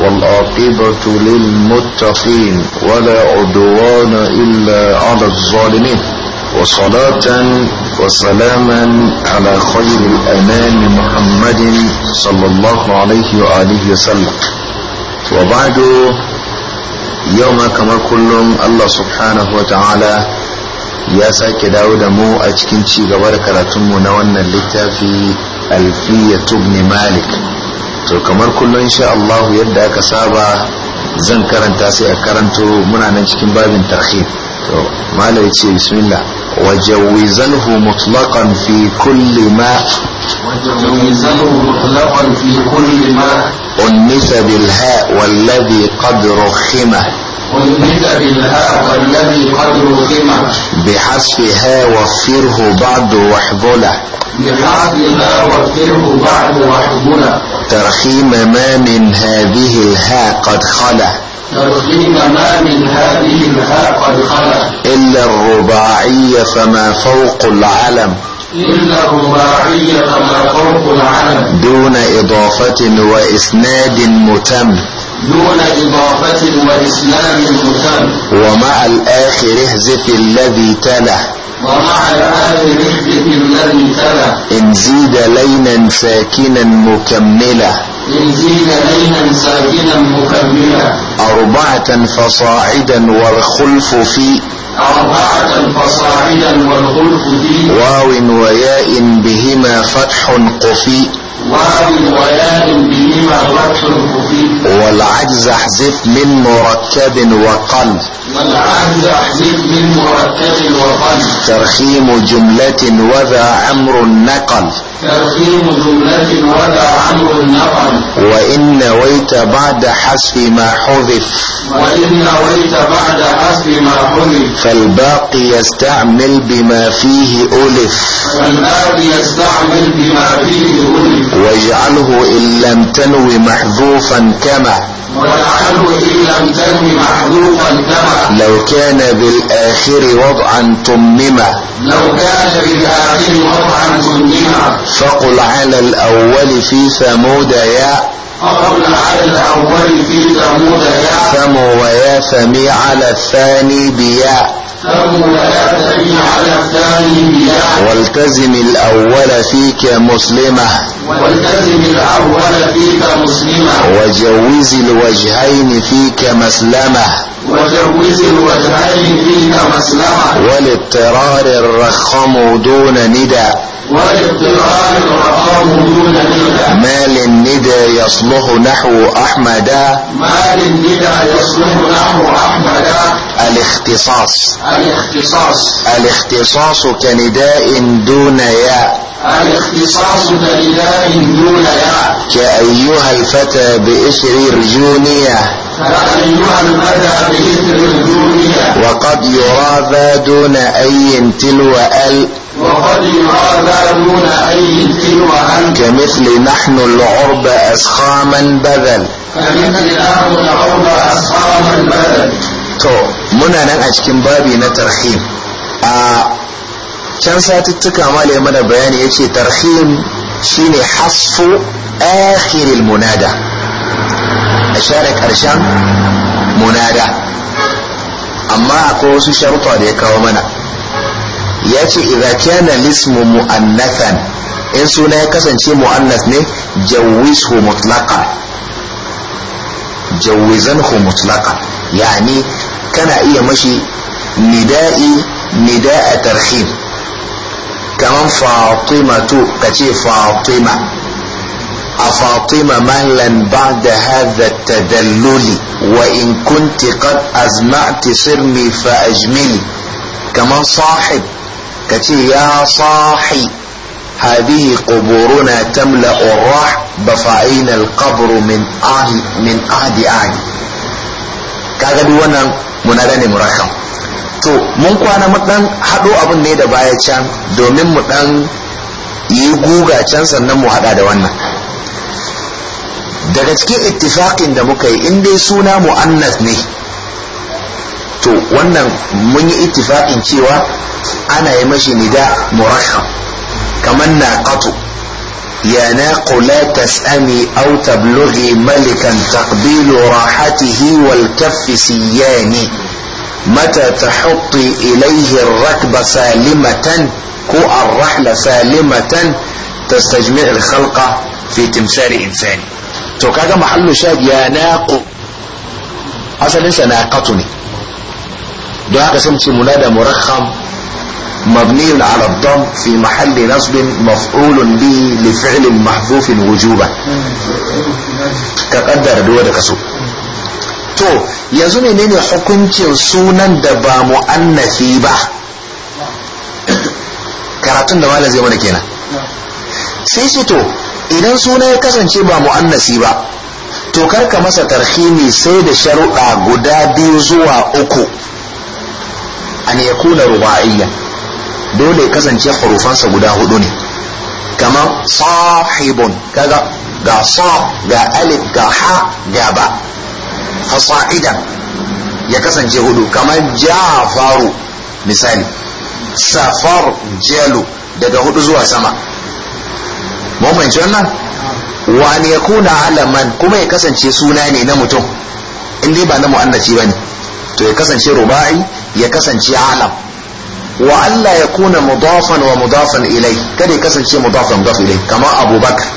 والعاقبة للمتقين ولا عدوان إلا على الظالمين وصلاة وسلاما على خير الأنام محمد صلى الله عليه وآله وسلم وبعد يوم كما كلهم الله سبحانه وتعالى يا sake داود مو أجكنشي غبارك لتمنا وانا gaba في ألفية ابن مالك to kamar kullum insha Allah yadda aka saba zan karanta sai a karanto muna nan cikin babin tarhib to malai ce bismillah wajawizalhu mutlaqan fi kulli ma wajawizalhu mutlaqan fi kulli ma unisa bil ha wal ladhi qad rukhima والنسب بالهاء والذي قدره قمة بحذفها وفره بعد واحذله بحذفها وفره بعد واحذله ترخيم ما من هذه الهاء قد خلا ترخيم ما من هذه الهاء قد خلا إلا الرباعية فما فوق العلم إلا الرباعية فما فوق العلم دون إضافة وإسناد متم دون إضافة وإسلام متم ومع الآخر احذف الذي تلا ومع الآخر احذف الذي تلا إن زيد لينا ساكنا مكملا إن زيد لينا ساكنا مكملا أربعة فصاعدا والخلف في أربعة فصاعدا والخلف في واو وياء بهما فتح قفي والعجز احذف من مركب وقل والعجز احذف من مركب ترخيم جملة وذا أمر نقل جملة وإن نويت بعد حذف ما حذف وإن نويت بعد حذف ما حذف فالباقي يستعمل بما فيه ألف فالباقي يستعمل بما فيه ألف واجعله إن لم تنو محذوفا كما لو كان بالآخر وضعا تمم لو كان بالآخر وضعا تمم فقل على الأول في ثمود يا فقل على الأول في ثمود يا ثم ويا ثمي على الثاني بيا والتزم الأول فيك مسلمة والتزم الأول فيك مسلمة وجوز الوجهين فيك مسلمة وجوز الوجهين فيك مسلمة والاضطرار الرخم دون ندى ما للندى يصلح نحو أحمد ما للندى يصلح نحو أحمد الاختصاص الاختصاص الاختصاص كنداء دون ياء الاختصاص كنداء دون ياء كأيها الفتى بإسر رجونية وقد يرى ذا دون أي تلو أل وقد دون أي جن وأنت كمثل نحن العرب أسخاما بذل كمثل نحن العرب أسخاما بذل تو منا نان أشكن بابي نترخيم كان ساتتك أمالي أمنا بياني يتي ترخيم شيني حصف آخر المنادى أشارك كرشان منادى أما أكو شرطة رطا ديكا ومنا ya ce idza kana ismu mu'annathan in suna ya kasance mu'annas ne jawwizhu mutlaqan jawwizanhu mutlaqan yani kana iya mashi nida'i nida'a tarhib kaman fatimatu kace fatima a fatima mahlan ba'da hadha tadalluli wa in kunti qad azna'ti sirmi fa ajmili kaman sahib ka ce ya sahi hadihi quburuna tamla urah bafa'ina al min ahdi min kaga duk wannan munada ne murakkab to mun kwana mu dan hado abin ne da baya can domin mu dan yi guga can sannan mu hada da wannan daga cikin ittifaqin da muka yi in dai suna mu'annas ne to wannan mun yi ittifaqin cewa ana yi mashi nida murasham kamar na qatu ya naqu la tas'ami aw tablughi malikan taqbilu rahatihi wal kaffi siyani mata tahutti ilayhi ar-rakba salimatan ko ar-rahla salimatan tastajmi' al-khalqa fi timsari insani to kaga mahallu shadi ya naqu asalin sa naqatu ne don haka sai mu ce munada murakham مبني على الضم في محل نصب مفعول به لفعل محذوف وجوبا تقدر دو da kaso to yanzu menene hukuncin sunan da ba muannafi ba karatun da zai mana kenan sai ce to idan suna ya kasance ba muannasi ba to karka masa tarhimi sai da sharuɗa guda biyu zuwa uku an ya kuna ruba'iyya dole ya kasance hurufansa guda hudu ne kamar sahibun kaga ga sa ga alif ga ha ga ba ya kasance hudu kama jafaru misali safar jelu daga hudu zuwa sama mun fahimci wannan wa ya kuna alaman kuma ya kasance suna ne na mutum in ba na mu'annaci ba ne to ya kasance ruba'i ya kasance alam wa Allah ya kuna mudafan wa mudafan ilai kada ya kasance mudafan mudaf ilai kamar abubakar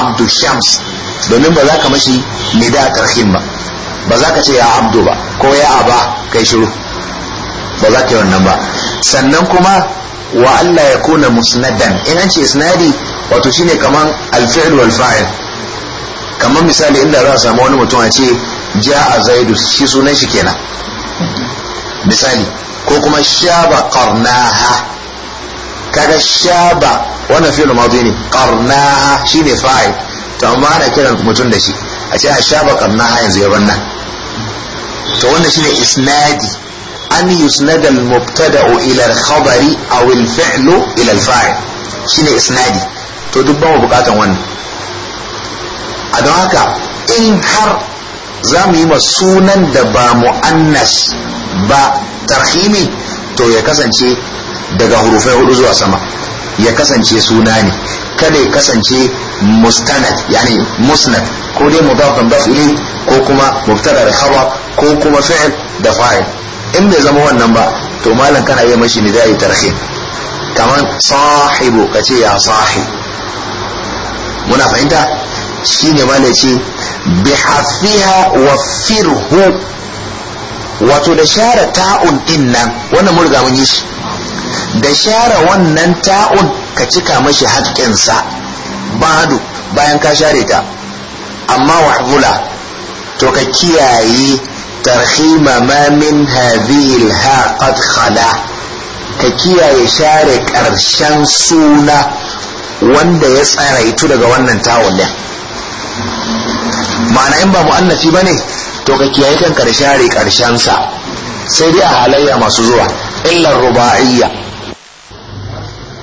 abdu shams domin ba za ka mashi nida tarhim ba ba za ka ce ya abdu ba ko ya aba kai shiru ba za ka yi wannan ba sannan kuma wa Allah ya kuna musnadan in an ce sinadi wato shine kamar alfi'l wal fa'il kaman misali inda za a samu wani mutum a ce a zaidu shi sunan shi kenan misali ko kuma shaba qarnaha kaga shaba wannan fi'il madhi ne qarnaha shine fa'il to amma ana kiran mutum da shi a ce a shaba qarnaha yanzu ya banna to wannan shine isnadi an yusnad al mubtada'u ila al khabari aw al fi'lu ila al fa'il shine isnadi to duk ba mu bukatan wannan a don haka in har za mu yi ma sunan da ba mu'annas ba tarhimi to ya kasance daga hurufai hudu zuwa sama ya kasance suna ne kada ya kasance mustanad yani musnad ko dai mudafan dafili ko kuma mubtada da khabar ko kuma fi'l da fa'il in bai zama wannan ba to malam kana yi mashi ne zai tarhim kamar sahibu kace ya sahi muna fahimta shine malai ce bi wa firhu wato da share ta'un din nan wannan mun riga mun yi shi da share wannan ta'un ka cika mashi haƙƙinsa badu bayan ka share ta amma wahbula to ka kiyaye tarhima ma min hadhihi ha ka kiyaye share ƙarshen suna wanda ya tsaraitu daga wannan ta'un din ma'ana in ba mu'annafi bane to ka kiyaye kan karshe karshen sa sai dai a halayya masu zuwa illar ruba'iyya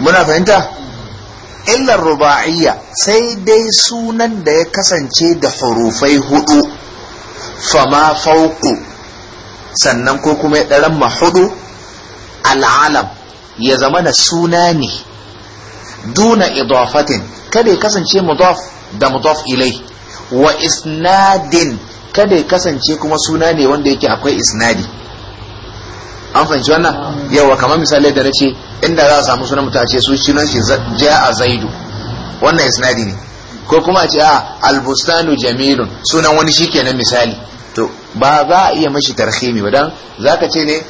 muna fahimta illar ruba'iyya sai dai sunan da ya kasance da hurufai hudu fama fauku sannan ko kuma ya ɗaran mahudu al'alam ya zama na suna ne duna idafatin kada ya kasance mudaf da mudaf ilai wa isnadin kada ya kasance kuma suna ne wanda yake akwai isnadi an fahimci wannan yawa kamar misalai da na ce inda za a samu sunan mutum a ce su shi ja a zaidu wannan isnadi ne ko kuma a ce a albustanu jamilun sunan wani shi kenan misali to ba za a iya mashi tarhimi ba dan zaka ce ne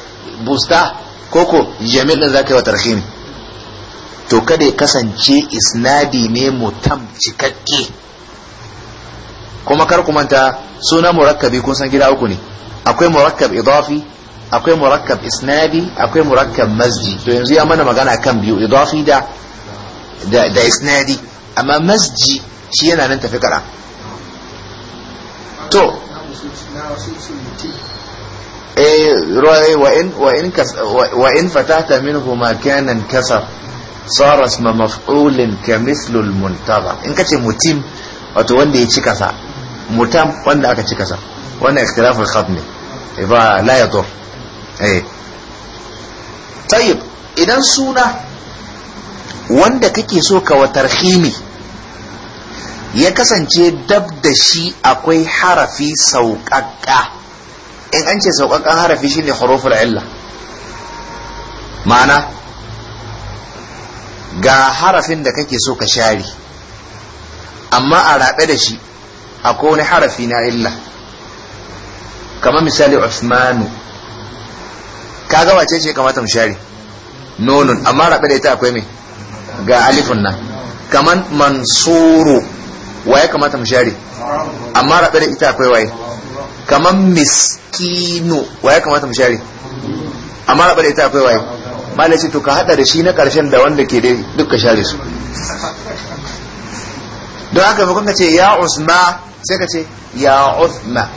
busta koko jamil din zaka yi wa tarhimi to kada ya kasance isnadi ne mutam cikakke kuma kar ku manta sunan murakkabi kun san gida uku ne akwai murakkab idafi akwai murakkab isnadi akwai murakkab masji to yanzu ya mana magana kan biyu idafi da da isnadi amma masji shi yana nan tafi kara to وإن فتحت منهما كان انكسر صار اسم مفعول كمثل المنتظر إن كتب mutim wato wanda ya ci sa mutam wanda aka ci sa wannan ikhtilaful khat ne eh, ba la yadur eh tayyib idan suna wanda kake so ka wa tarhimi ya kasance dab da shi akwai harafi sauƙaƙƙa in an ce sauƙaƙƙan harafi shine huruful illa ma'ana ga harafin da kake so ka share amma a raɓe da shi akwai wani harafi na illa kamar misali usmanu kaga wace ce kamata mu share nonun amma rabe da ita akwai me ga alifun nan kamar mansuru waye kamata mu share amma rabe da ita akwai waye kamar miskinu waye kamata mu share amma rabe da ita akwai waye malai ce to ka hada da shi na karshen da wanda ke dai duka ka share su don haka ba kuka ce ya usma sai ka ce ya uthma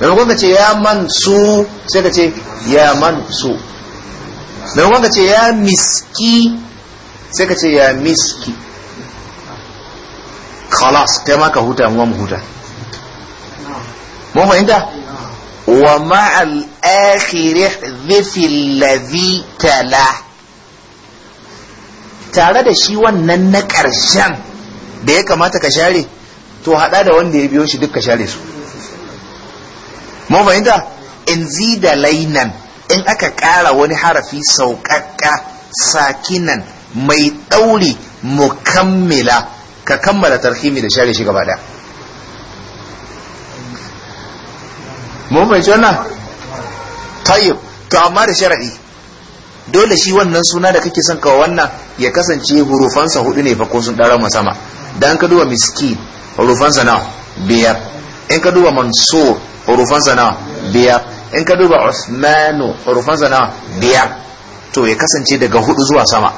maimakon ka ce ya mansu sai ka ce ya mansu maimakon ka ce ya miski sai ka ce ya miski khalas kai ma ka huta mu huta mun fahimta wa ma'al akhirih dhifi alladhi tala tare da shi wannan na ƙarshen da ya kamata ka share to hada da wanda ya biyo shi duka ka share su mun fahimta in zida lainan in aka ƙara wani harafi sauƙaƙƙa sakinan mai ɗauri mukammila ka kammala tarhimi da share shi gaba da mun fahimci wannan tayyib to amma da sharadi dole shi wannan suna da kake son kawo wannan ya kasance hurufansa hudu ne fa ko sun ɗara sama dan ka duba miskin hurufansa na biyar in ka duba mansur hurufansa na biyar in ka duba uthmanu hurufansa na biyar to ya kasance daga hudu zuwa sama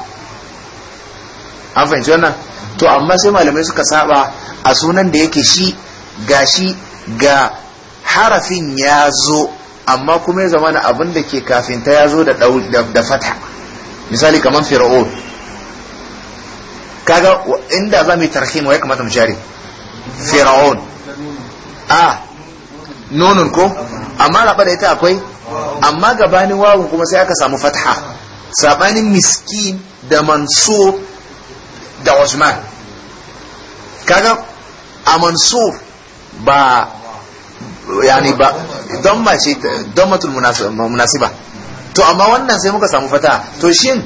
an fahimci wannan to amma sai malamai suka saba a sunan da yake shi ga shi ga harafin ya zo amma kuma ya zama na abin da ke kafinta ya zo da fata misali kamar fir'aun kaga inda za mu yi tarhim ya kamata mu share fir'aun a nunun ko amma raba da ita akwai amma gabanin wawun kuma sai aka samu fatha sabanin miskin da mansur da usman kaga a mansur ba yani ba don mace don matul munasiba to amma wannan sai muka samu fata to shin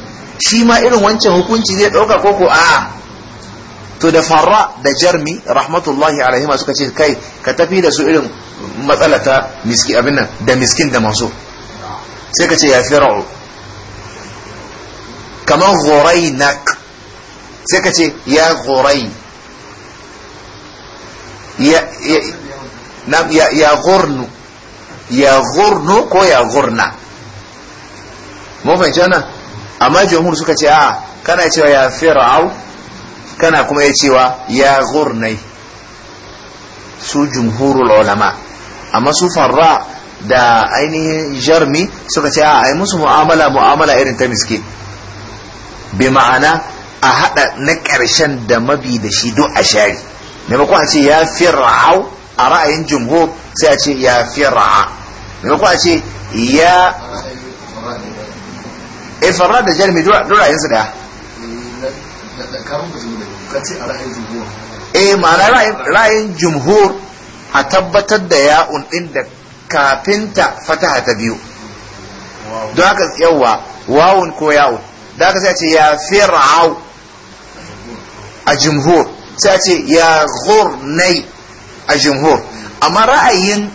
shi ma irin wancan hukunci zai ɗauka koko a to da farra da jarmi rahmatullahi alaihima suka ce kai ka tafi da su irin matsala ta miski abin nan da miskin da masu sai ka ce ya fir'u kamar nak sai ka ce ya ghorai ya ya ya ghurnu ya ghurnu ko ya ghurna mun fahimci wannan amma jumhur suka ce a kana cewa ya fir'au kana kuma ya cewa ya gurnai su jumhurul ulama amma su farra da ainihin jarmi suka ce a yi musu mu'amala mu'amala irin ta miskin bi ma'ana a haɗa na ƙarshen da mabi da shi duk a shari maimakon a ce ya ra'au a ra'ayin jumhur sai a ce ya fir'a maimakon a ce ya ifara eh, da jarmi duk su da eh ma'ana ra'ayin jumhur a tabbatar da ya'un ɗin da kafinta fataha ta biyu don haka yawa wawun ko ya'un da haka sai a ce ya fir'au a jumhur sai a ce ya ghurnai a jumhur amma ra'ayin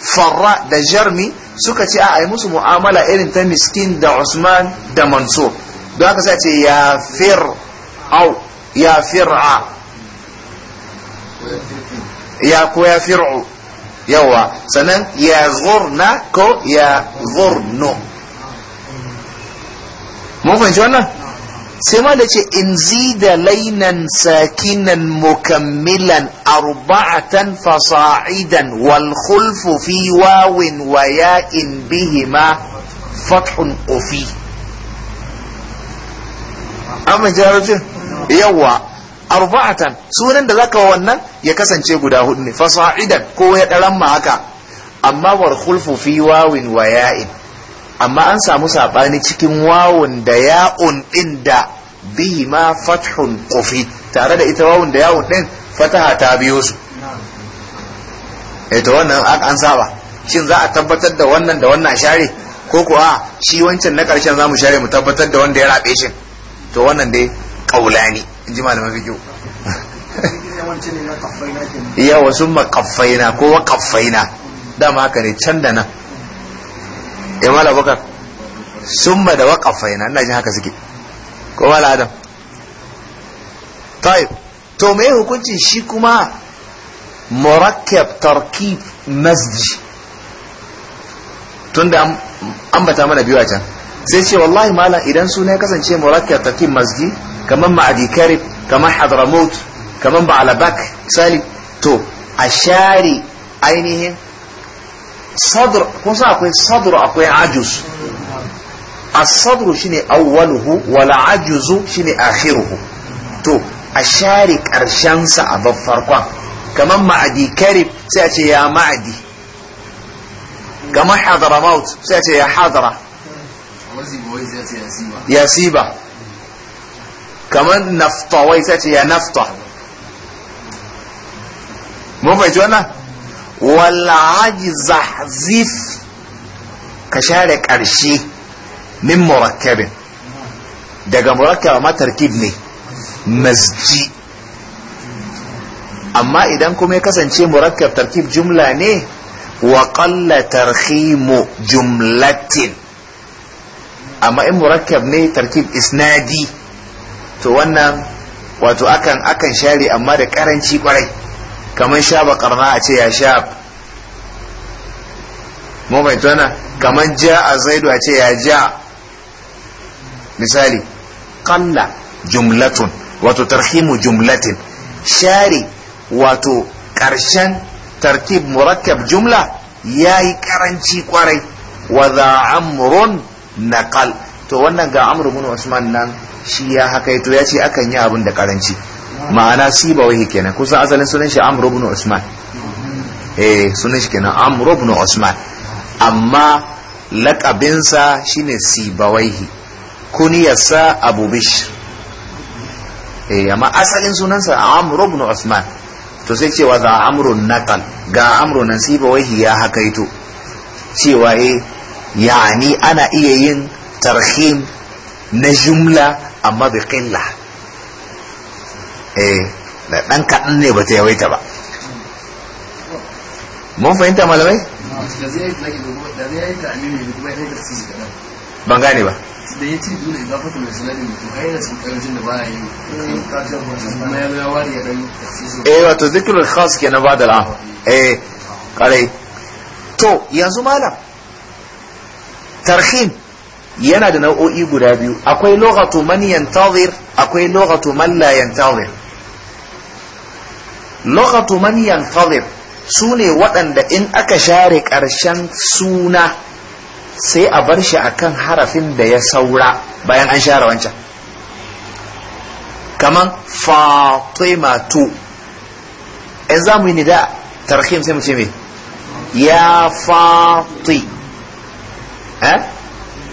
farra da jarmi suka ce a yi musu mu'amala irin ta miskin da usman da mansur don haka sai a ce ya fir'au أو يا فرع يا كويا فرع يوا سنن يا زورنا كو يا زورنو مو فهمت سما لشي إن زيد لينا ساكنا مكملا أربعة فصاعدا والخلف في واو وياء بهما فتح قفي أما جاوزه yawa arba'atan sunan da zaka wannan ya kasance guda hudu ne fasa'idan ko ya daran ma haka amma war khulfu fi wawin wa ya'in amma an samu sabani cikin wawun da ya'un din da bihi ma fathun qufi tare da ita wawun da ya'un din fataha ta biyo su ita eh, wannan an saba shin za a tabbatar da wannan da wannan share ko kuwa shi wancan na karshen zamu share mu tabbatar da wanda ya rabe shi to wannan dai qaulani inji malaman fiqh yawa summa qaffaina ko wa qaffaina dama haka ne can da nan ya eh, mala bakar summa da wa qaffaina ina jin haka suke ko mala adam طيب to me hukuncin shi kuma murakkab tarkib masjid tunda bata mana biyu a can sai ce wallahi malam idan suna ya kasance murakkab tarkib masjid kamar ma'adi karib kamar hadramaut kamar ba'alabak misali to a share ainihin sadr kun san akwai sadr akwai ajuz as-sadr shine awwaluhu wal ajuzu shine akhiruhu to a share karshen sa a bar farkon kamar ma'adi karib sai a ce ya ma'adi kamar hadramaut sai a ce ya hadra ya siba kamar nafta wai ta ce ya nafta mun fahimci wannan wal'ajiza zahzif ka share ƙarshe min murakkabin daga murakkaba ma tarkib ne masji amma idan kuma ya kasance murakkab tarkib jumla ne wa qalla tarhimu jumlatin amma in murakkab ne tarkib isnadi to wannan wato akan akan share amma da karanci kwarai kamar sha bakarna a ce ya sha mu bai kamar ja a zaidu a ce ya ja misali kalla jumlatun wato tarhimu jumlatin share wato karshen tartib murakkab jumla ya yi karanci kwarai wa za amrun naqal to wannan ga amru wasu usman nan shi ya haka to ya ce akan yi abin da karanci ma'ana si ba wahi kenan kusan asalin sunan shi amr ibn usman eh sunan shi kenan amr ibn usman amma laƙabinsa shine wahi kuniyarsa abu bish. eh amma asalin sunansa amr ibn usman to sai cewa za amrun naqal ga amru nan wahi ya haka to cewa eh yani ana iya yin tarhim na jumla amma bi qilla eh da dan kaɗan ne ba ta yawaita ba mun fahimta malamai ban gane ba da ya ce dole ya zafa mai sanadin mutum ai yana cikin karancin da ba a yi kuma ya ya wari ya dan eh wato zikirul khas kenan ba da al'am eh kare to yanzu malam tarhim yana da nau'o'i guda biyu akwai lughatu man yantazir akwai lughatu man la yantazir lughatu man yantazir sune waɗanda in aka share ƙarshen suna sai a bar shi akan harafin da ya saura bayan an share wancan kaman fatimatu in za mu yi nida tarhim sai mu ce me ya fati eh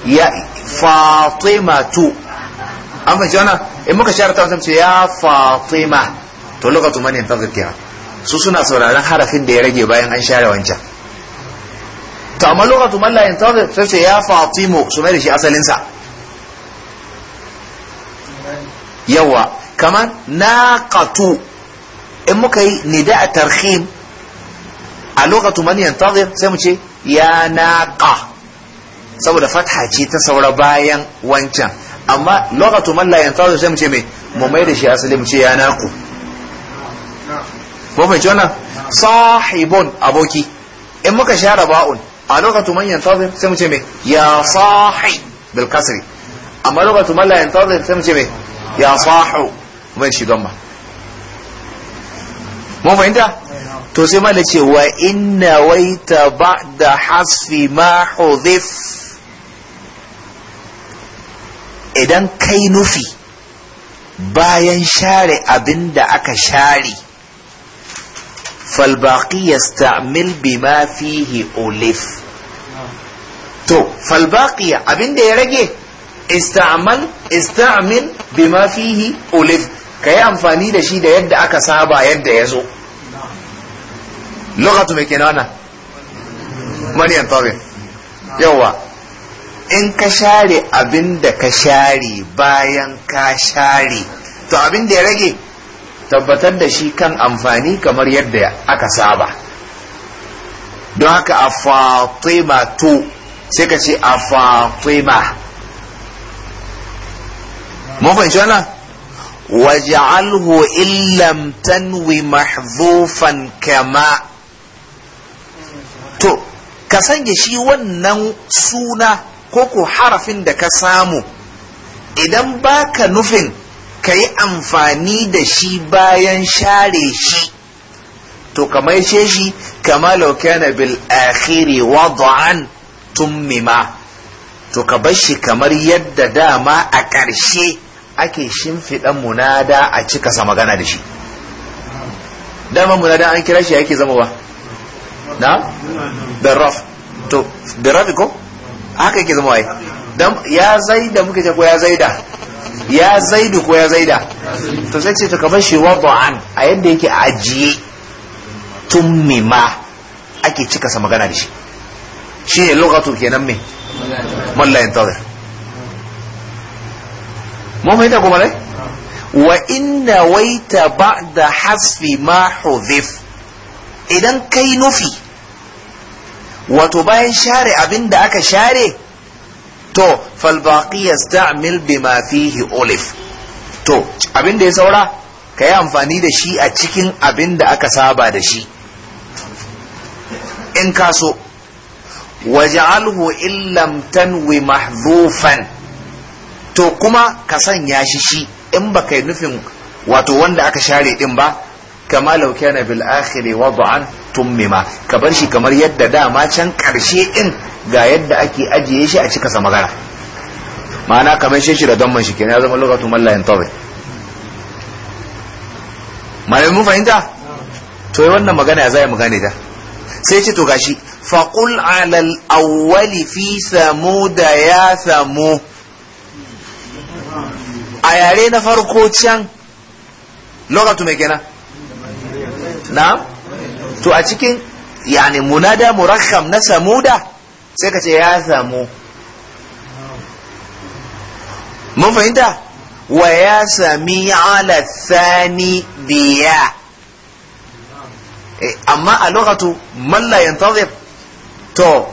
ya fatimatu an fahimci wannan in muka share ta ce ya fatima to lokacin man yantazir su suna sauraron harafin da ya rage bayan an share wancan to amma lokacin man la yantazir sai ya fatimo su mai da shi asalin yawa kamar naqatu in muka yi nida tarhim a lokacin man yantazir sai mu ce ya naqa saboda fatha ce ta saura bayan wancan amma lokacin man la yantazu sai mu ce me mu mai da shi asali mu ce ya naku ko fahimci wannan sahibun aboki in muka share ba'un a lokacin man yantazu sai mu ce me ya sahi bil kasri amma lokacin man la yantazu sai mu ce me ya sahu ban shi don ba mun fahimta to sai ma ce wa inna waita ba da hasfi ma hudhif idan kai nufi bayan share abin da aka share falbaki ya stamil bima fihi olif to falbaki abin da ya rage istamil bima fihi olif ka yi amfani da shi da yadda aka saba yadda ya zo lokacin mai kenan wannan maniyan yawa in ka share abin da ka share bayan ka share to abin da ya rage tabbatar da shi kan amfani kamar yadda aka saba don haka a fatima to sai ka ce a fatima mun fahimci Waje illam tanwi Mahzofan kama to ka sanya shi wannan suna ko ko harafin da ka samu idan baka nufin ka yi amfani da shi bayan share shi to kamar ce shi kama laukana bil akhiri wad'an tummima to ka bar shi kamar yadda dama a ƙarshe ake shimfiɗa munada a cika sa magana da shi dama munada an kira shi yake zama ba na? da raf to da rafi ko? haka yake zama wai dan ya zaida muke ce ko ya zaida ya zaidu ko ya zaida to sai ce to kamar shi wada'an a yadda yake ajiye ajiye ma ake cika sa magana da shi shi ne lokacin kenan me mallayin tazir mu mai da kuma dai. wa inna waita ba'da hasfi ma hudhif idan kai nufi wato bayan share abin da aka share to falbaqi yasta'mil bima fihi ulif to abin da ya saura ka yi amfani da shi a cikin abin da aka saba da shi in ka so waj'alhu illam tanwi mahdhufan to kuma ka sanya shi shi in ba yi nufin wato wanda aka share din ba kama law na bil akhiri wad'an tummima ka bar shi kamar yadda dama can karshe din ga yadda ake ajiye shi a cika sa magana ma'ana kamar shi da don man shi kenan ya zama lokacin mallayin tabi malamin mun fahimta to yi wannan magana ya zai mu gane ta sai ce to gashi faƙul alal awwali fi samu da ya samu a yare na farko can lokacin mai kenan na to a cikin yani munada murakham na samuda sai ka ce ya samu mun fahimta wa ya sami ala biya eh, amma a lokatu malla la yantazir to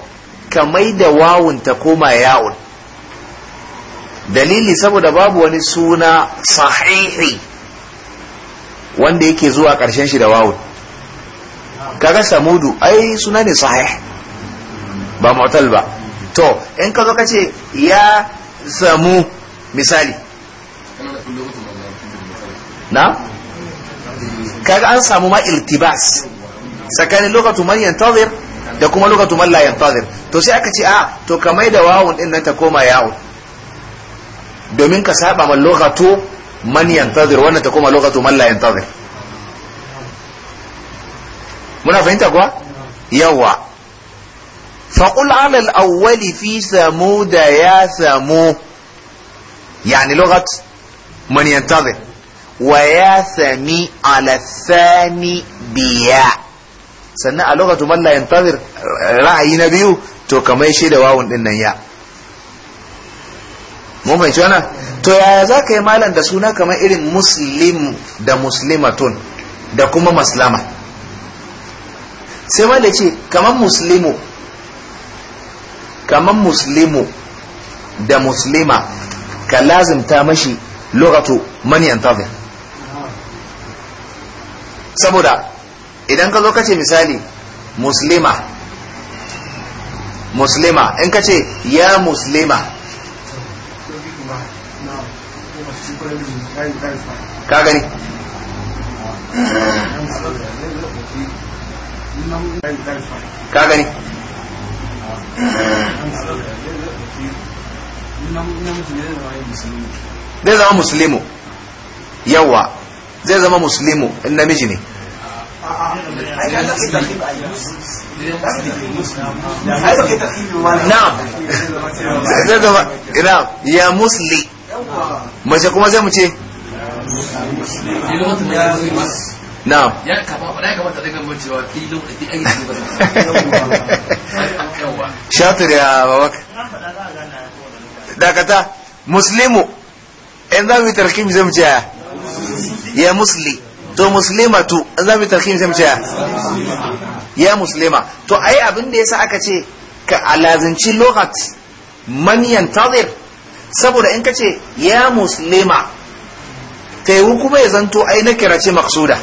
kamai da wawun ta koma yawun dalili saboda babu wani suna sahihi wanda yake zuwa ƙarshen shi da wawun kaga samudu ai suna ne sahih ba mu'tal ba to in ka zo ka ya samu misali na kaga an samu ma iltibas tsakanin lokacin man yantazir da kuma lokacin man la yantazir to sai aka ce a to ka mai da wawun din nan ta koma yawo domin ka saba ma lokacin man yantazir wannan ta koma lokacin man la yantazir muna fahimta kuwa yawa فقل على الأول في ثمود يا ثمو يعني لغة من ينتظر ويا ثمي على الثاني بيا سنة لغة من لا ينتظر رأي نبيه تو كما يشير واو إن ya mun fahimci wannan to yaya za ka yi malam da suna kamar irin muslim da muslimatun da kuma maslama sai wanda ce kamar muslimu kamar muslimu da muslima ka lazimta mashi lokato mani antazir saboda idan ka zo kace misali muslima muslima in kace ya muslima ka gani ka gani zai zama musulmi yawa zai zama musulmi in namiji ne na'am ya musli mace kuma zai mu ce na'am ya kama ba kama ta daga gamba cewa filin da duk ayyukan ba shatir ya babak dakata muslimu in za mu yi tarkimi zai mu ce ya musli to tu in za mu yi tarkimi zai mu ce ya muslima to ai abin da yasa aka ce ka alazinci lokat man yantazir saboda in ka ce ya muslima ta yi kuma ya zanto ai na kira maksuda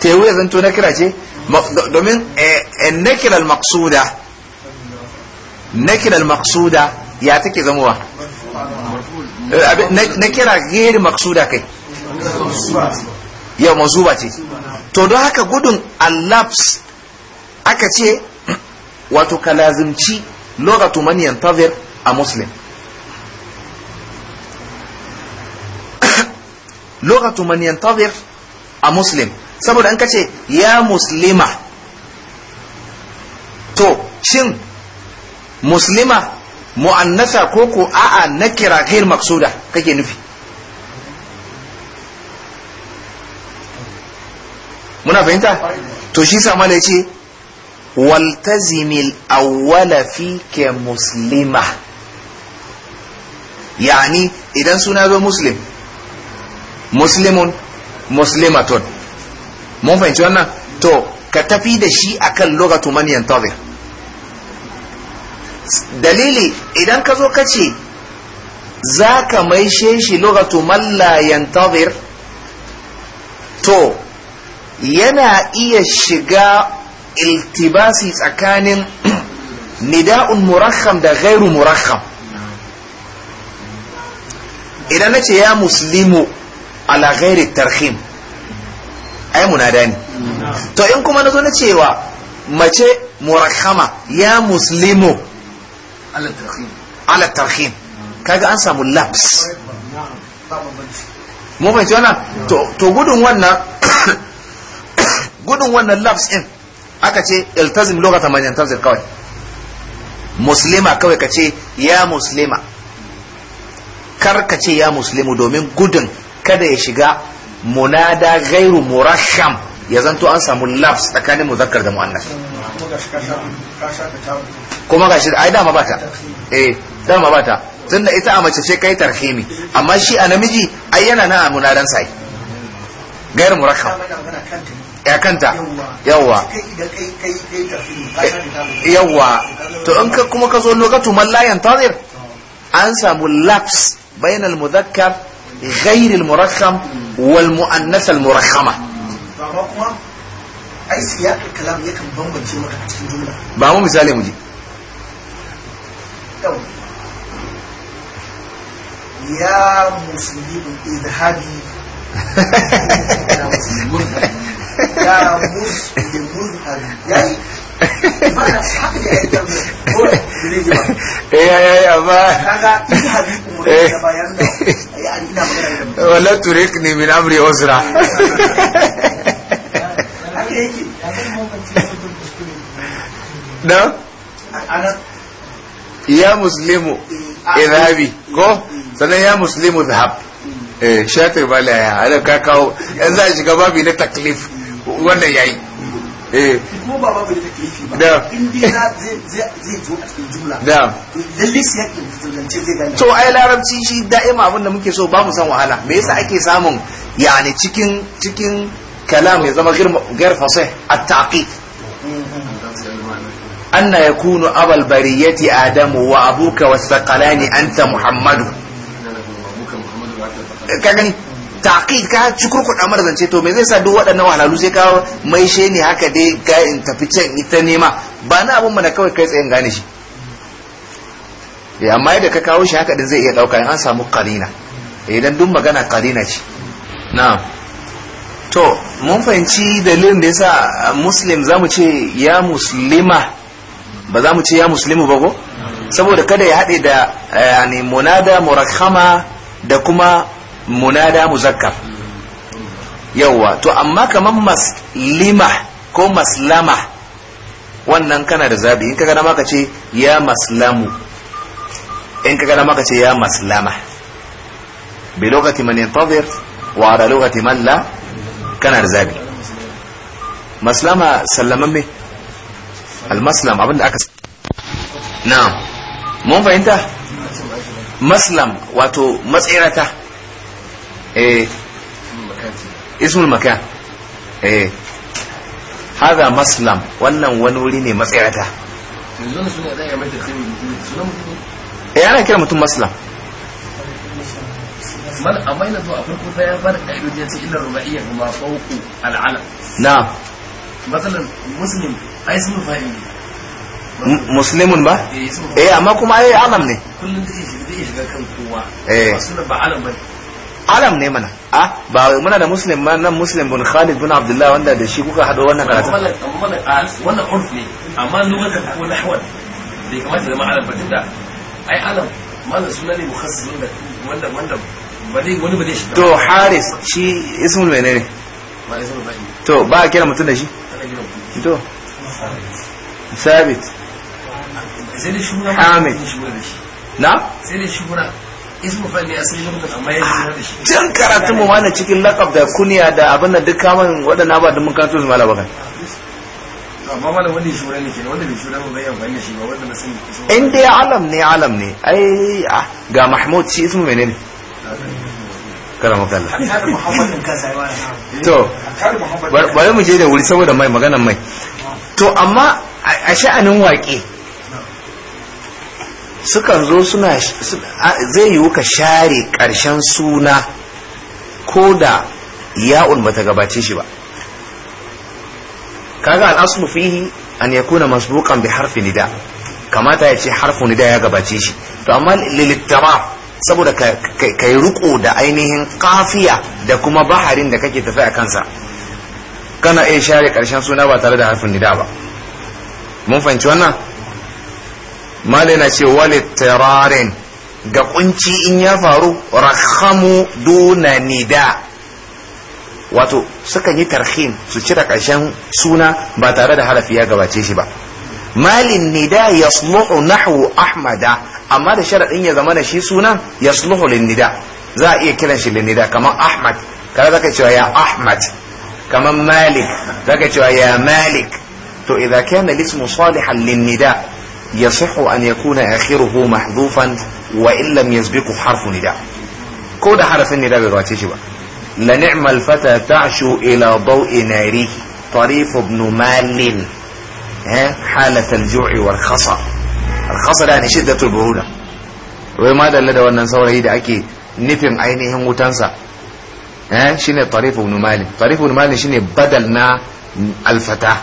ta yi na kira ce domin nakiral maksuda nakiral maksuda ya take zamowa nakira gairi maksuda kai yau mazuba ce to don haka gudun allaps aka ce wato lazimci lokacin man yantazir a muslim lokacin man yantazir a muslim saboda an kace ya muslima to shin muslima mu'annasa ko ko a'a nakira khair maksuda kake nufi muna fahimta to shi sa mala yace waltazimil awwala ke muslima yani idan suna zo muslim muslimun muslimatun mun fahimci wannan to ka tafi da shi akan lokacin man yantazir dalili idan ka zo ka ce za ka maishe shi lokacin man la to yana iya shiga iltibasi tsakanin nida'un murakham da gairu murakham idan na ce ya muslimu ala gairi tarhim ai munada ne to in kuma na zo na cewa mace murakama ya muslimu ala tarhim kaga an samu laps mu fahimci wannan to gudun wannan gudun wannan laps din aka ce iltazim lokacin manyan tafsir kawai muslima kawai ka ce ya muslima kar ka ce ya muslimu domin gudun kada ya shiga munada Gairu murasham ya zanto an samu lafs tsakanin muzakkar da mu'annas kuma shi ai dama bata eh dama bata tunda ita a mace ce kai tarhimi amma shi a namiji ai yana na munadan sai gairu Murasham. ya kanta yawa eh, yawa to in ka kuma ka zo lokacin mallayan tazir an samu laps bainal muzakkar غير المرخم والمؤنث المرخمة ai siyaƙar kalam yakan bambance maka a cikin jumla ba mu misali mu ji ya musulmi idhabi ya musulmi murhabi yayi ba haka ya yi ya ya ya ba kaga idhabi Eh. wala turik ne min amri usra da ya muslimu ah, idhabi ko sannan ya muslimu zahab hmm. eh shatir bala ya ala kakawo yanzu a shiga babi na taklif wannan yayi eh ko ba babu da taklifi ba da in dai zai zai zo a cikin jumla da lalle sai yakin zance zai gane to ai larabci shi da'ima abin da muke so ba mu san wahala me yasa ake samun yani cikin cikin kalam ya zama ghair fasih at-taqiq أن يكون adamu wa abuka وأبوك والثقلان أنت محمد كأني taƙid ka ci kurkuɗa mara zance to me zai sa duk waɗannan wahalhalu sai ka maishe ne haka dai ga in tafi can ita nema ba na abin mana kawai kai tsayin gane shi eh, amma yadda ka kawo shi haka din zai iya ɗauka in an samu karina eh, idan duk magana karina ce na to mun fahimci dalilin da yasa muslim zamu ce ya muslima ba za mu ce ya muslimu ba ko saboda kada ya haɗe da eh, yani munada da kuma munada muzakkar yawwa to amma kamar maslima ko maslama wannan kana da zabi in ka kaga maka ce ya maslamu in ka kaga maka ce ya maslama bi lokacin man yantazir wa ala lokacin man la kana da zabi maslama sallaman me almaslam abinda aka na mun fahimta maslam wato matsirata eh ismul makan eh haza maslam wannan wani wuri ne matsayata eh ana kira mutum yana muslim a ba eh, eh amma kuma ai alam ne kullum da shiga kan kowa eh alam ne mana a ah, ba wai muna da muslim ma nan muslim bin khalid bin abdullah wanda da shi kuka hado wannan karatu ah, wannan urf ne amma lugatar ko nahwan bai kamata zama alam ba tunda ai alam malam suna ne mukhassis wanda wanda wanda ba dai wani ba dai shi to haris shi ismul menene ba ismul ba to ba kira mutum da shi to sabit sai da shura hamid na sai da shura ismu asali karatu mu wani cikin lakab da kunya da abin da duk waɗanda ba da mun kanto su malaba kan amma ya shura ne kenan wanda bai shura alam ne alam ne ai ah, ga mahmud shi ismu menene kalla to bari mu je da wuri saboda mai maganan mai to amma a sha'anin waƙe sukan zo suna zai yiwu ka share karshen suna ko da ya'un bata gabace shi ba kaga aslu fihi an yakuna masbuqan bi harfi nida kamata ya ce harfu nida ya gabace shi to amma lilittama saboda kai ruko da ainihin kafiya da kuma baharin da kake tafi a kansa kana iya share karshen suna ba tare da harfin nida ba mun fahimci wannan mala yana ce walit tirarin ga kunci in ya faru rahamu duna nida wato sukan yi tarhim su cire ƙarshen suna ba tare da harafi ya gabace shi ba malin nida yasluhu nahwu ahmada amma da sharaɗin ya zama da shi suna yasluhu lin nida za a iya kiran shi lin nida kamar ahmad kaza zaka cewa ya ahmad kamar malik zaka cewa ya malik to idza kana al-ismu salihan lin nida يصح أن يكون آخره محذوفا وإن لم يسبقه حرف نداء كود حرف النداء بغاتيش لنعم الفتى تعشو إلى ضوء ناره طريف بن مال ها حالة الجوع والخصى الخصى يعني شدة البرودة وماذا لدى أن نصور هيدا أكي نفهم ainihin وتنسى ها شنو طريف بن malik طريف بن malik شنو بدلنا الفتاه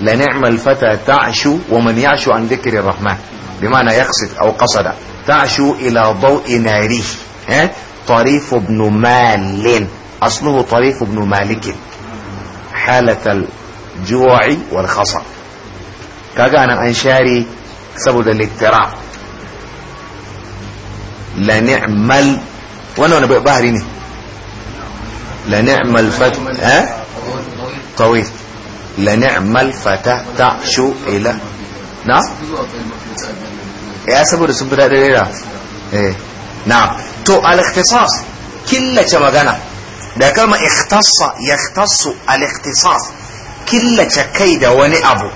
لنعم الفتى تعشو ومن يعشو عن ذكر الرحمن بمعنى يقصد أو قصد تعشو إلى ضوء ناريه ها طريف بن مال أصله طريف بن مالك حالة الجوع والخصر كاجا أنا أنشاري سبب الاضطراب لنعم ال وأنا أنا بقى بحري لنعم الفتى ها طويل la ni'mal ta shu ila na ya saboda sun fi daɗin rera eh na magana da kalma ikhtassa yahtassu al-ikhtisas killace kai da wani abu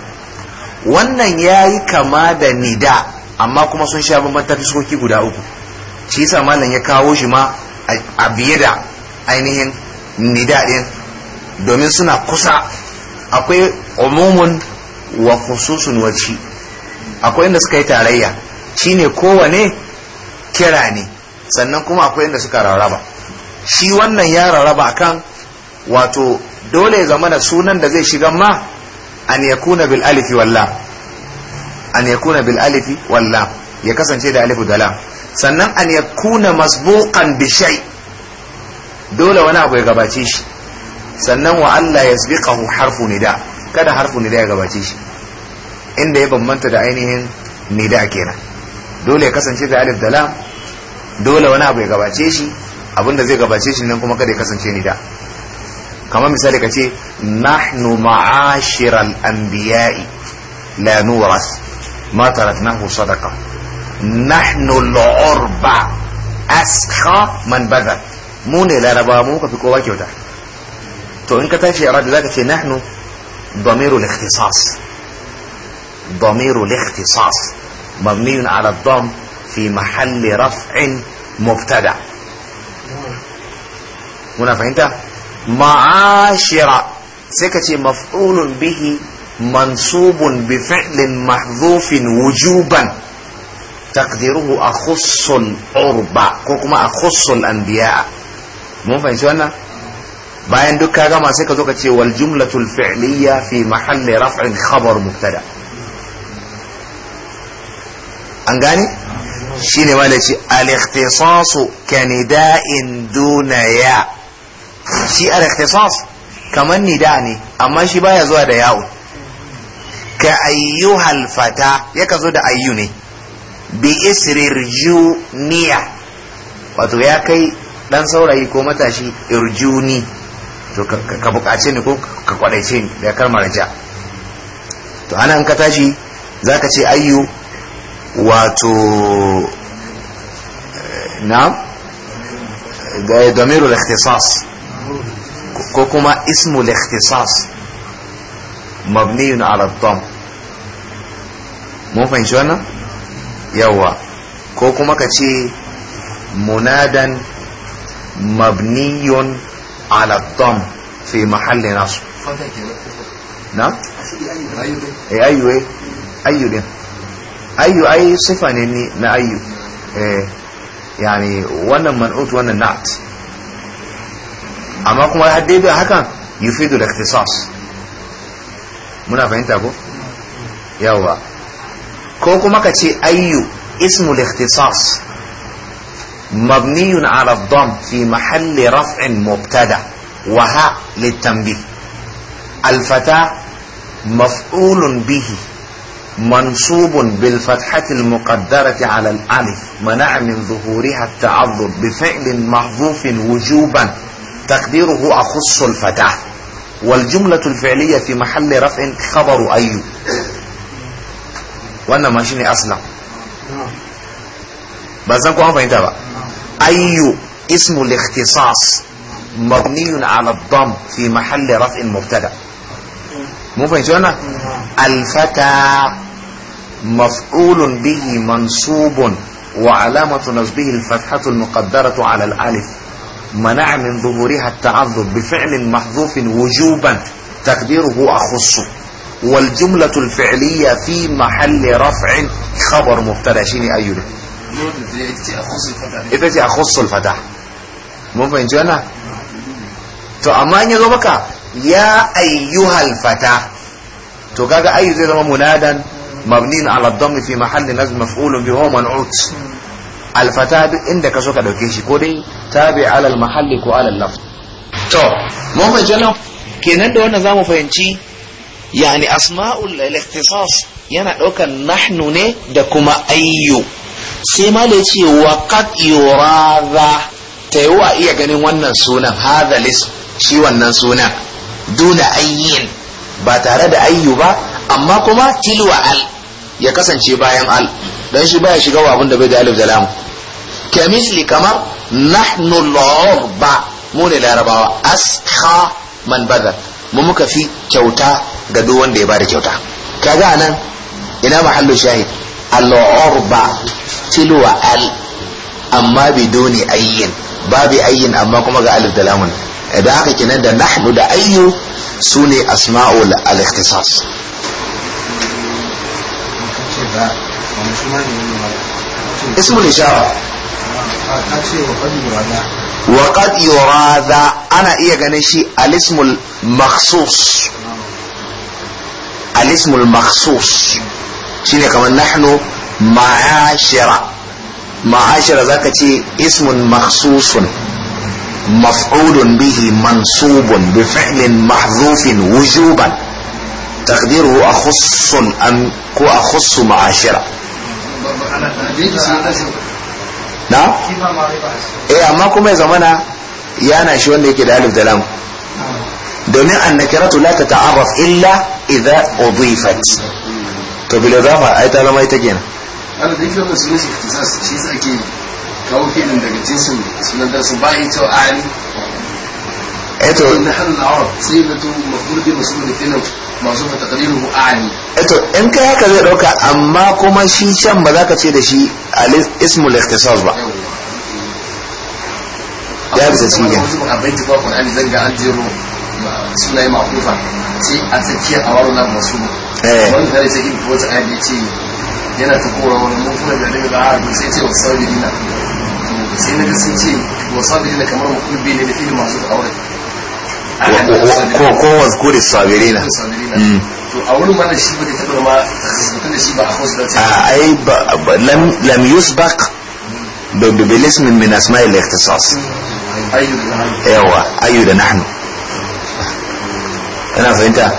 wannan yayi kama da nida amma kuma sun sha bambam ta guda uku shi yasa malam ya kawo shi ma a biye da ainihin nida din domin suna kusa akwai umumun wa khususun wacce akwai inda suka yi tarayya shine kowane kira ne sannan kuma akwai inda suka rarraba shi wannan ya rarraba kan wato dole ya zama da sunan da zai shiga ma an yakuna bil alifi walla an yakuna bil alifi walla ya kasance da alifu da lam sannan an yakuna masbuqan bi shay dole wani abu ya gabace shi sannan wa Allah ya zbiqahu harfu nida kada harfu nida ya gabace shi inda ya bambanta da ainihin nida kenan dole ya kasance da alif da lam dole wani abu ya gabace shi abinda zai gabace shi nan kuma kada ya kasance nida kamar misali ka ce nahnu ma'ashiral anbiya'i la nuras ma taraknahu sadaqa nahnu al'urba askha man badal mu ne laraba mu ka fi kowa kyauta تو in ka tashi i'rabi zaka ce nahnu ضمير الاختصاص ضمير الاختصاص مبني على الضم في محل رفع مبتدع هنا فهمت معاشر سكتي مفعول به منصوب بفعل محذوف وجوبا تقديره أخص العرب كوكما أخص الأنبياء مو فهمت bayan duk ka gama sai ka zo ka ce wal jumlatul fi'liya fi mahalli raf'in khabar mubtada an gane shine wanda ce al-ikhtisasu kanida'in duna ya shi al-ikhtisas kaman nida ne amma shi baya zuwa da yawo ka ayyuhal fata yaka zo da ayyu ne bi isrirjuniya wato ya kai dan saurayi ko matashi irjuni to ka bukace ni ko ka kwadaice ni da kalmar raja to ana in ka tashi za ka ce ayyu wato eh, na ga domiru ikhtisas ko kuma ismu ikhtisas mabniyun ala mun fahimci wannan yawa ko kuma ka ce munadan mabniyun على الضم في محل نصب نعم اي اي أيوة، اي اي أيوة، اي أيوة، اي صفه نني نا اي إيه، يعني وانا من اوت وانا نعت اما كما حد يبقى هكا يفيد الاختصاص منا فهمت ابو نعم. يلا كوكو ما كتي اي اسم الاختصاص مبني على الضم في محل رفع مبتدا وها للتنبيه الفتاة مفعول به منصوب بالفتحة المقدرة على الألف منع من ظهورها التعذر بفعل محذوف وجوبا تقديره أخص الفتاة والجملة الفعلية في محل رفع خبر أيوب وأنا ماشيني أسلم بس انكم عارفين an اي اسم الاختصاص مبني على الضم في محل رفع مبتدا مو فاهم شو انا الفتى مفعول به منصوب وعلامة نصبه الفتحة المقدرة على الألف منع من ظهورها التعذر بفعل محذوف وجوبا تقديره أخص والجملة الفعلية في محل رفع خبر مبتدا شيني أيوه ita ce a khusus fata mun fahimci wannan to amma in ya zo maka ya ayyuhal fata to kaga ayyu zai zama munadan mabnin ala dhammi fi mahalli nazm maf'ulun bi huwa man'ut al fata duk inda ka so ka dauke shi ko dai tabi ala al mahalli ko ala al lafz to mun fahimci wannan kenan da wannan zamu fahimci yani asma'ul ikhtisas yana daukan nahnu ne da kuma ayyu sai ma da ce wa qad yurada ta yi wa iya ganin wannan sunan hadalis shi wannan sunan duna ayyin ba tare da ayyu ba amma kuma tilwa al ya kasance bayan al dan shi baya shiga wa abin da bai da alif da lam kamisli kamar nahnu lorba mu ne larabawa askha man badar mu muka fi kyauta ga duk wanda ya bada kyauta kaga nan. ina mahallu shahid al-urba تلو ال أما بدون أيين باب أيين أما كما قال الدلامن إذا أخي كنا دا نحن دا أيو سوني أسماء الاختصاص اسم الإشارة وقد يراد أنا إيا غنشي الاسم المخصوص الاسم المخصوص شنو كمان نحن ma'ashira ma'ashira zaka ce ismun makhsusun maf'ulun bihi mansubun bi fi'lin mahzufin wujuban taqdiruhu akhussun an ko akhussu ma'ashira na? eh amma kuma ya zamana yana shi wanda yake da alif da lam domin annakiratu la tata'arraf illa idza udifat to bil idafa ai ta zama kenan ana da ikon sunan shi ikhtisas shi yasa ake kawo filin daga jinsin sunan eh da su bayan cewa ali eto na hannun awar sai da tu mafhul bi musulmi masu ta taqriruhu ali eto eh in kai haka zai dauka amma kuma shi can ba za ka ce da shi ismul ikhtisas ba ya bisa cikin gani a baiti ba qur'ani zanga an jero yi makufa sai a tsakiyar awarul masu eh. wani kare sai in wata ya ce yana ta kora wani mutunan da annabi ba'a da sai ce wa sabirina sai na ga sun ce wa sabirina kamar mutubi ne da fi'il masu aure ko wazkuri sabirina to a wurin ma da shi ba da taɓa ma tasirkutun da shi ba a hausa da ce ai lam yusbaq بالاسم من اسماء الاختصاص ايوه ايوه نحن انا فهمتها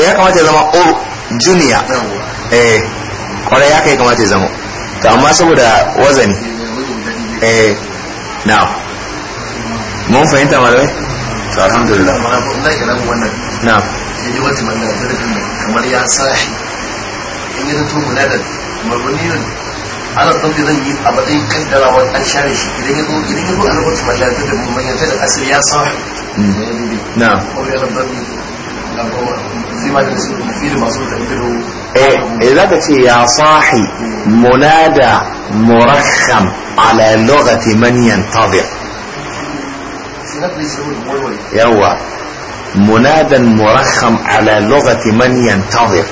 ya kamata ya zama or junior eh kwarai ya kai kamata ya zama to amma saboda wazani eh na mun fahimta malamai to alhamdulillah na sai wata manda zarafin kamar ya sahi in yi zato guda da mabunin ana ɗauke zan yi a matsayin kaddarawa an share shi idan ya zo idan ya zo a rubuta mallaka da mun bayyana da asiri ya sahi mm. na ko ya rabbi إيه، إذا بتي يا صاحي منادى مرخم على لغة من ينتظر يوا منادى مرخم على لغة من ينتظر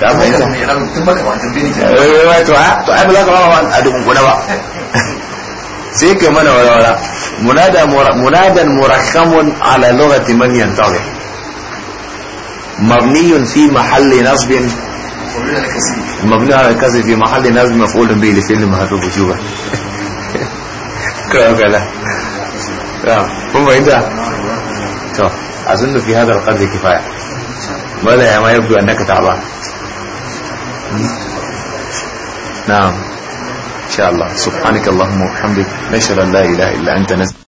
كم إيه، sai kai mana warwara munadan murakkamun ala lughati man yantazir mabniyun fi mahalli nasbin مبني على الكسر في محل نصب مفعول به لفعل محذوف وجوبا كلام كلا نعم هم عندها اظن في هذا القدر كفايه ولا ما يبدو انك تعبان نعم شاء الله سبحانك اللهم وبحمدك نشهد ان لا اله الا انت نستغفرك